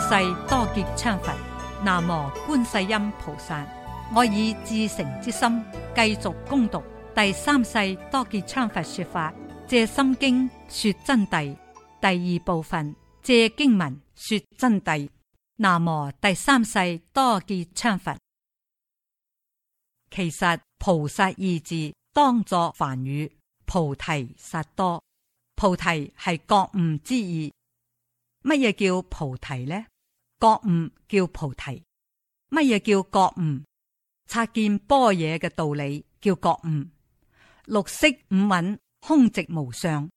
世多杰羌佛，南無觀世音菩薩。我以至誠之心，繼續攻讀第三世多杰羌佛說法，借心經說真諦第二部分，借經文說真諦。南無第三世多杰羌佛。其實菩薩二字當作梵語，菩提薩埵。菩提係覺悟之意。乜嘢叫菩提呢？覺悟叫菩提，乜嘢叫覺悟？察見般若嘅道理叫覺悟。六識五蘊空寂無相，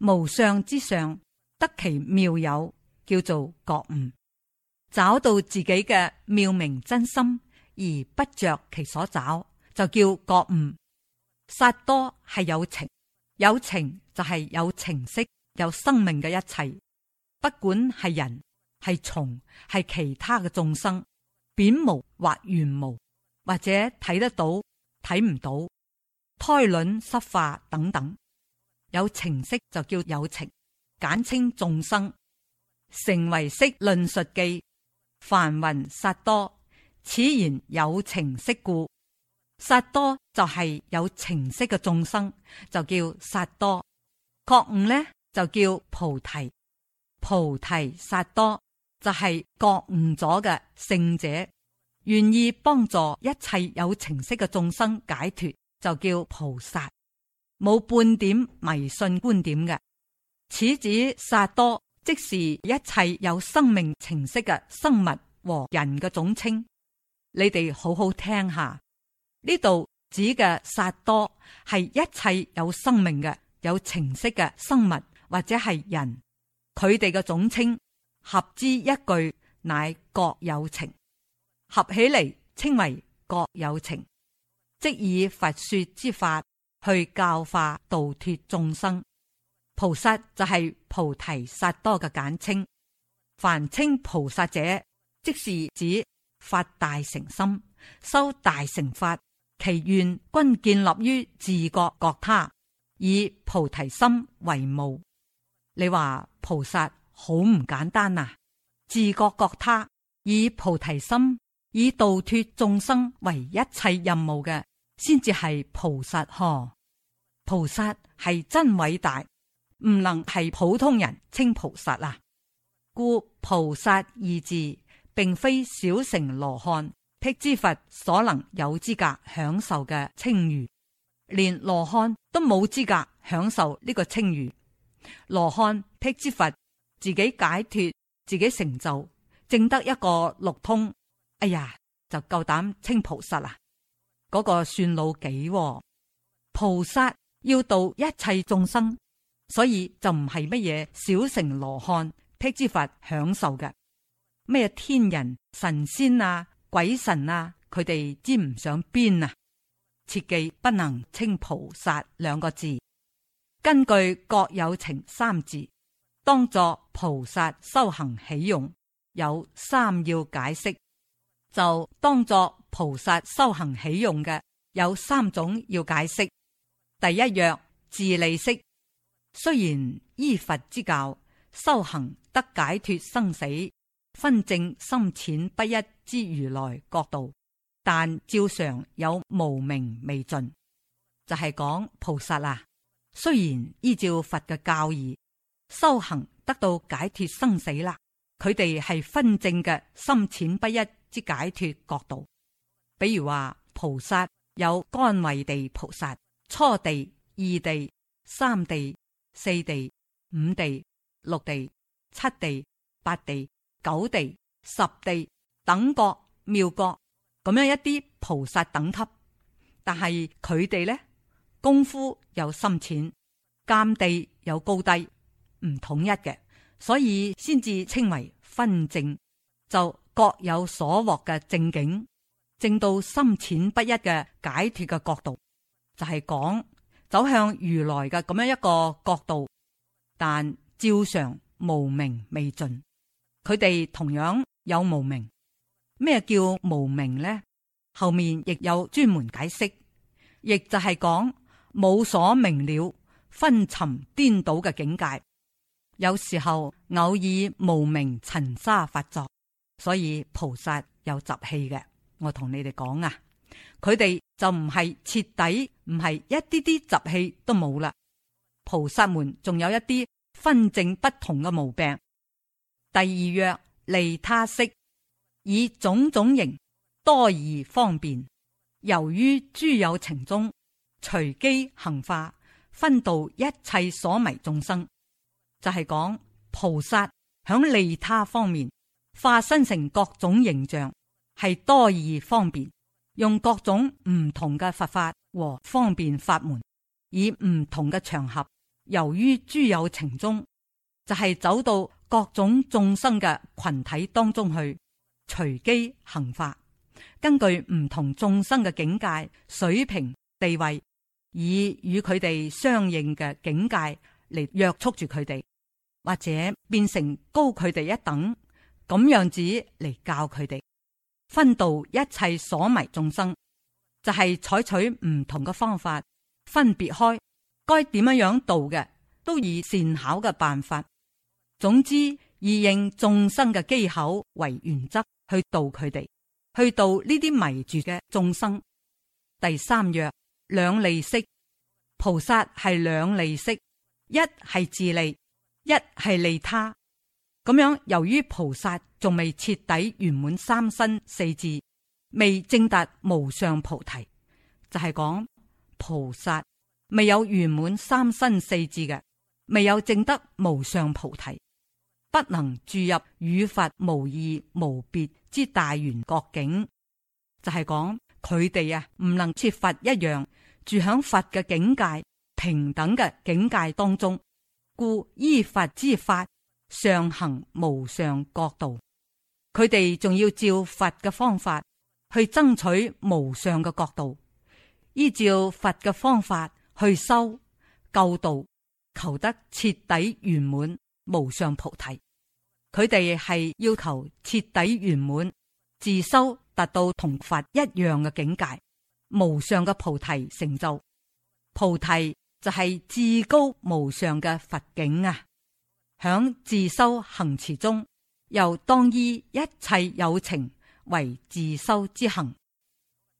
無相之上得其妙有，叫做覺悟。找到自己嘅妙明真心而不着其所找，就叫覺悟。薩埵係有情，有情就係有情識、有生命嘅一切，不管係人。係蟲，係其他嘅眾生，扁毛或圓毛，或者睇得到、睇唔到，胎卵濕化等等，有情識就叫有情，簡稱眾生。成唯識論述記，梵云薩埵，此言有情識故，薩埵就係有情識嘅眾生，就叫薩埵。覺悟呢就叫菩提，菩提薩埵。就係、是、覺悟咗嘅聖者，願意幫助一切有情識嘅眾生解脱，就叫菩薩。冇半點迷信觀點嘅，此指薩多，即是一切有生命情識嘅生物和人嘅總稱。你哋好好聽下，呢度指嘅薩多係一切有生命嘅有情識嘅生物或者係人，佢哋嘅總稱。合之一句，乃各有情；合起嚟稱為各有情，即以佛說之法去教化度脱眾生。菩薩就係菩提薩多嘅簡稱，凡稱菩薩者，即是指發大成心、修大成法，其願均建立於自覺覺他，以菩提心為務。你話菩薩？好唔簡單啊！自覺覺他，以菩提心以度脱眾生為一切任務嘅，先至係菩薩。呵，菩薩係真偉大，唔能係普通人稱菩薩啊。故菩薩二字，並非小乘羅漢辟支佛所能有資格享受嘅稱譽，連羅漢都冇資格享受呢個稱譽。羅漢辟支佛。自己解脱，自己成就，淨得一個六通。哎呀，就夠膽稱菩薩啦，啊！嗰，那個算老幾，哦？菩薩要度一切眾生，所以就唔係乜嘢小乘羅漢、辟支佛享受嘅。咩天人、神仙啊、鬼神啊，佢哋沾唔上邊啊！切記不能稱菩薩兩個字。根據各有情三字。當作菩薩修行起用，有三要解釋，就當作菩薩修行起用嘅有三種要解釋。第一，約自利式，雖然依佛之教修行得解脱生死，分證深淺不一之如來角度，但照常有無明未盡，就係、是、講菩薩啊，雖然依照佛嘅教義。修行得到解脫生死啦。佢哋係分正嘅深淺不一之解脫角度，比如話菩薩有乾慧地菩薩、初地、二地、三地、四地、五地、六地、七地、八地、九地、十地等覺妙覺咁樣一啲菩薩等級，但係佢哋呢功夫有深淺，見地有高低。唔統一嘅，所以先至稱為分證，就各有所獲嘅證境，證到深淺不一嘅解脱嘅角度，就係、是、講走向如來嘅咁樣一個角度。但照常無明未盡，佢哋同樣有無明。咩叫無明呢？後面亦有專門解釋，亦就係講無所明了、分沉顛倒嘅境界。有時候偶爾無明塵沙發作，所以菩薩有習氣嘅。我同你哋講啊，佢哋就唔係徹底，唔係一啲啲習氣都冇啦。菩薩們仲有一啲分證不同嘅毛病。第二，若利他色以種種形多而方便，由於諸有情中隨機行化，分度一切所迷眾生。就係、是、講菩薩響利他方面化身成各種形象，係多義方便，用各種唔同嘅佛法和方便法門，以唔同嘅場合，由於諸有情中，就係、是、走到各種眾生嘅群體當中去，隨機行法，根據唔同眾生嘅境界水平地位，以與佢哋相應嘅境界。嚟約束住佢哋，或者變成高佢哋一等咁樣子嚟教佢哋分度一切所迷眾生，就係、是、採取唔同嘅方法分別開，該點樣樣度嘅都以善巧嘅辦法，總之以應眾生嘅機口為原則去度佢哋，去度呢啲迷住嘅眾生。第三曰兩利息，菩薩係兩利息。一係自利，一係利他，咁樣由於菩薩仲未徹底圓滿三身四智，未正達無上菩提，就係、是、講菩薩未有圓滿三身四智嘅，未有正得無上菩提，不能住入與佛無異無別之大圓覺境，就係講佢哋啊，唔能切佛一樣住響佛嘅境界。平等嘅境界當中，故依法之法上行無上角度。佢哋仲要照佛嘅方法去爭取無上嘅角度，依照佛嘅方法去修救道，求得徹底圓滿無上菩提。佢哋係要求徹底圓滿自修，達到同佛一樣嘅境界，無上嘅菩提成就菩提。就係、是、至高無上嘅佛境啊！響自修行持中，又當以一,一切有情為自修之行。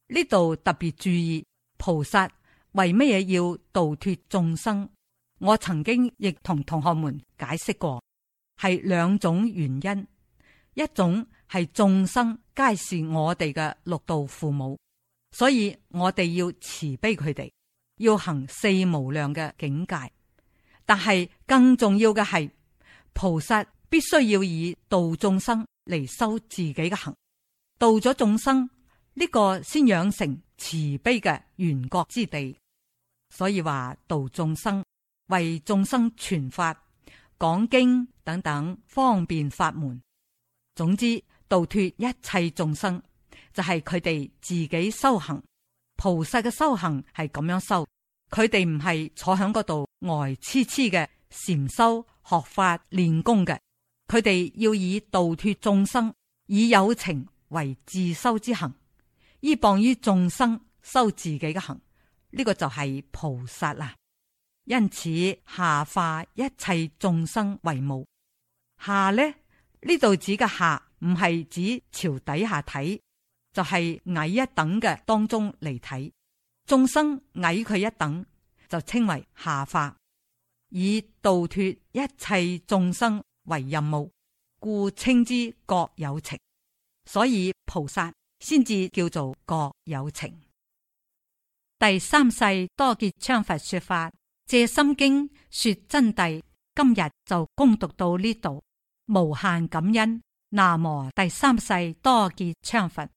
呢度特別注意，菩薩為乜嘢要度脱眾生？我曾經亦同同學們解釋過，係兩種原因。一種係眾生皆是我哋嘅六道父母，所以我哋要慈悲佢哋。要行四無量嘅境界，但係更重要嘅係，菩薩必須要以度眾生嚟修自己嘅行，度咗眾生呢、這個先養成慈悲嘅圓覺之地。所以話度眾生，為眾生傳法、講經等等，方便法門。總之，度脱一切眾生，就係佢哋自己修行。菩薩嘅修行係咁樣修，佢哋唔係坐喺嗰度呆痴痴嘅禪修學法練功嘅，佢哋要以度脫眾生，以有情為自修之行，依傍於眾生修自己嘅行，呢、這個就係菩薩啦。因此下化一切眾生為母，下呢呢度指嘅下唔係指朝底下睇。就係、是、矮一等嘅當中嚟睇眾生矮佢一等，就稱為下法，以度脫一切眾生為任務，故稱之各有情。所以菩薩先至叫做各有情。第三世多杰羌佛說法，借心經說真諦。今日就恭讀到呢度，無限感恩。南無第三世多杰羌佛。